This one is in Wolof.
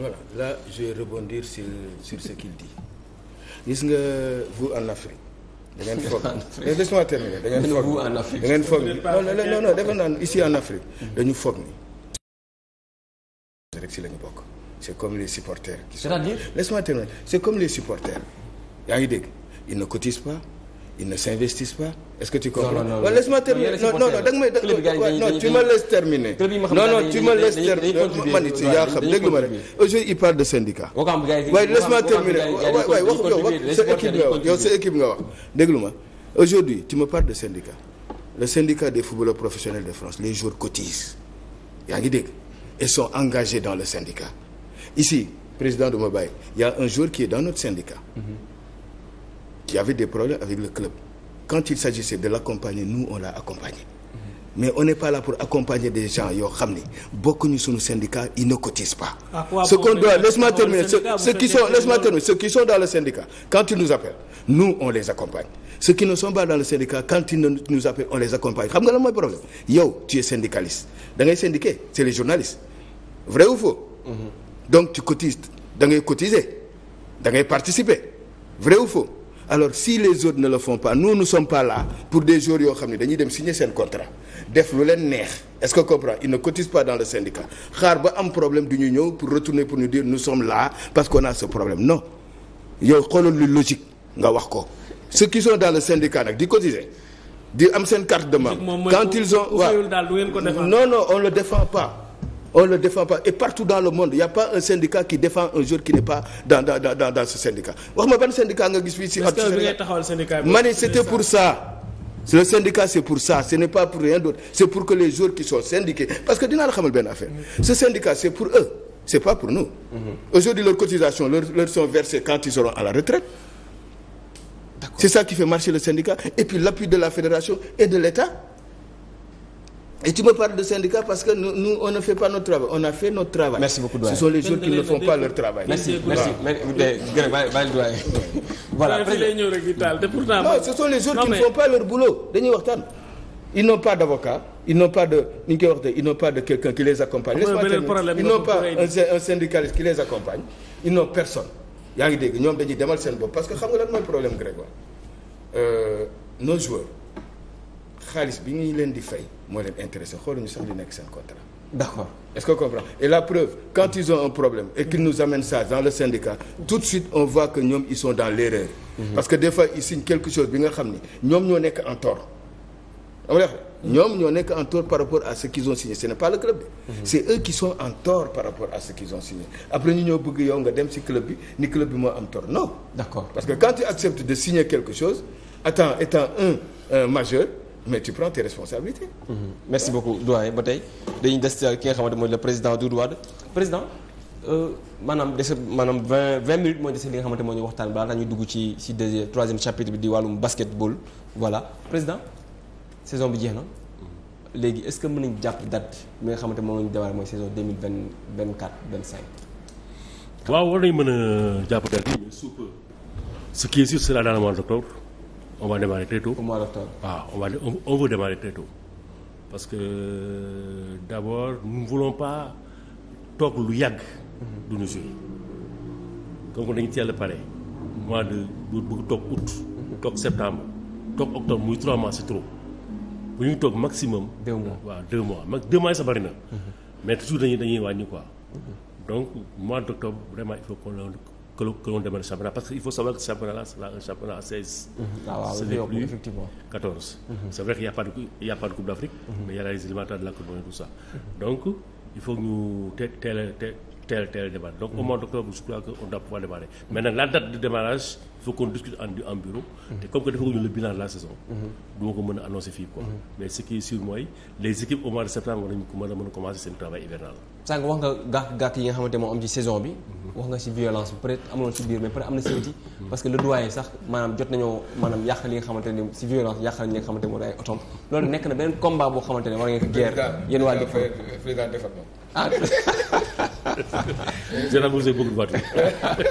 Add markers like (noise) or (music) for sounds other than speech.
voilà là je vais rebondir sur sur ce qu'il dit gis nga vous en Afrique. da ngeen foog (laughs) mais laisse-moi terminer da ngeen foog vous en da ngeen foog ni non non non dafa naan ici en Afrique mm-hmm. dañu foog ni. rek si la ñu bokk c'est comme les supporters. qui sont laisse-moi terminer c'est comme les supporters yaa ngi dégg ils ne cotisent pas. ils ne s'investissent pas est-ce que tu comprends. non non non laisse-moi terminer non non da terminer. man it yaa xam déglu ma rek. aujourd'hui il parle de syndicat. waaye laisse-moi terminer waaye wax sa équipe nga wax yow déglu ma aujourd'hui tu me parles de syndicat le syndicat des footballeurs professionnels de France les joueurs cotisent yaa ngi dégg et sont engagés dans le syndicat ici président du ma bàyyi a un joueur qui est dans notre syndicat. Mm-hmm. qui avait des problèmes avec le club. Quand il s'agissait de l'accompagner, nous, on l'a accompagné. Mhm. mais on n'est pas là pour accompagner des gens yoo xam ne bokkuñu suñu syndicat ils ne cotisent pas. ce qu'on doit laisse-moi terminer ceux, qui sont dans le syndicat quand ils nous appellent nous on les accompagne ceux qui ne sont pas dans le syndicat quand ils nous appellent on les accompagne xam nga lan mooy problème yow tu es syndicaliste da ngay syndiqué c'est les journalistes alors si les autres ne le font pas nous ne sommes pas là pour des jours yoo xam ne dañuy dem signer seen contrat def lu leen neex est-ce que comprend ils ne cotisent pas dans le syndicat xaar ba am problème du ñu ñëw pour retourner pour nous dire nous sommes là parce qu'on a ce problème non yow xoolal lu logique nga wax ko ceux qui sont dans le syndicat nag di cotiser di am seen carte de membre quand ils ont waaw non non on le défend pas on le défend pas et partout dans le monde y a pas un syndicat qui défend un joueur qui n'est pas dans ce syndicat wax ma ban syndicat nga gis fii si. c'était pour ça. le syndicat c'est pour ça ce n'est pas pour rien d'autre c'est pour que les joueurs qui sont syndiqués parce que dinaa la xamal benn affaire ce syndicat c'est pour eux c'est pas pour nous mm-hmm. aujourd'hui leurs cotisations leur sont versées quand ils seront à la retraite c'est ça qui fait le syndicat et puis de la fédération e tu me parles de syndicats parce que nous, nous on ne fait pas notre travail on a fait notre travail. ce sont les gens qui ne font pas leur travail. merci merci (laughs) voilà ce sont les gens qui ne font pas leur boulot dañuy waxtaan. ils n'ont pas d'avocat ils n'ont pas de ni ñu koy wax de ils n'ont pas de quelqu'un qui les accompagne. ils n'ont pas un syndicaliste qui les accompagne. ils n'ont personne. yaa ngi dégg ñoom dañuy demal seen bopp parce que xam nga lan mooy problème xaalis bi ñu leen di fay moo leen intéressé xooluñu sax li nekk seen contrat. d'accord est-ce que comprend et la preuve quand ils ont un problème et qu'ils nous amènent ça dans le syndicat tout de suite on voit que ñoom ils sont dans l'erreur mhm. parce que des fois ils signent quelque chose bi nga xam ni ñoom ñoo nekk en tort am leex ñoom ñoo nekk en tort par rapport à ce qu'ils ont signé ce n'est pas le club bi mhm. c'est eux qui sont en tort par rapport à ce qu'ils ont signé après ñu ñoo bëgg yow nga bi moo am tort non d'accord parce que quand tu acceptes de mais tu prends tes responsabilités. Mmh. merci beaucoup doyen ba tey dañuy des ki nga xamante mooy le président Doudou Wade président euh, maanaam des maanaam vingt vingt minutes mooy dese li nga xamante moo ñu waxtaan balaa ñu dugg ci ci deuxième troisième chapitre bi di wàllum basketball voilà président saison bi jeex na. Mhm. léegi est-ce que mën nañ jàpp date bi nga xamante moom la ñu mooy saison deux mille vingt vingt quatre vingt waaw war nañu mën a jàpp date bi mais sous peu. ce qui est on va démarrer très tôt. au mois d'octobre waaw ah, on va parce que d'abord nous ne voulons pas toog lu yàgg. Mm-hmm. du ñu jouer donc dañu teel a pare mois de bu bëgg toog août. Mm-hmm. toog septembre toog octobre muy trois mois c'est trop bu ñuy toog maximum. deux mois waaw deux mois mag deux mois yi sa bari na. Mm-hmm. mais toujours dañuy dañuy donc mois d'octobre vraiment il faut qu'on que l'on que championnat parce que il faut savoir que mhm. ah, ce championnat-là sera un plus effectivement 14. Mhm. c'est vrai qu'il a a d'Afrique. Mhm. mais il y a la coupe du tout ça. donc il faut ñu teel teel teel teel a donc au de démarrage il faut qu'on en bureau mhm. te comme que defaguñu le bilan de la saison du mhm. ko mën a annoncer fii quoi mhm. mais ce qui est les équipes au septembre war nañu mën commencer seen travail hivernal sànq wax nga gàkk-gàkk yi nga xamante moo am ci saison bi wax nga ci violence bi peut-être amuloon biir mais peut am na siwiti parce que le doyen sax maanaam jot nañoo maanaam yàq li nga xamante ne ci violence (laughs) Général Moussa bëggul voiture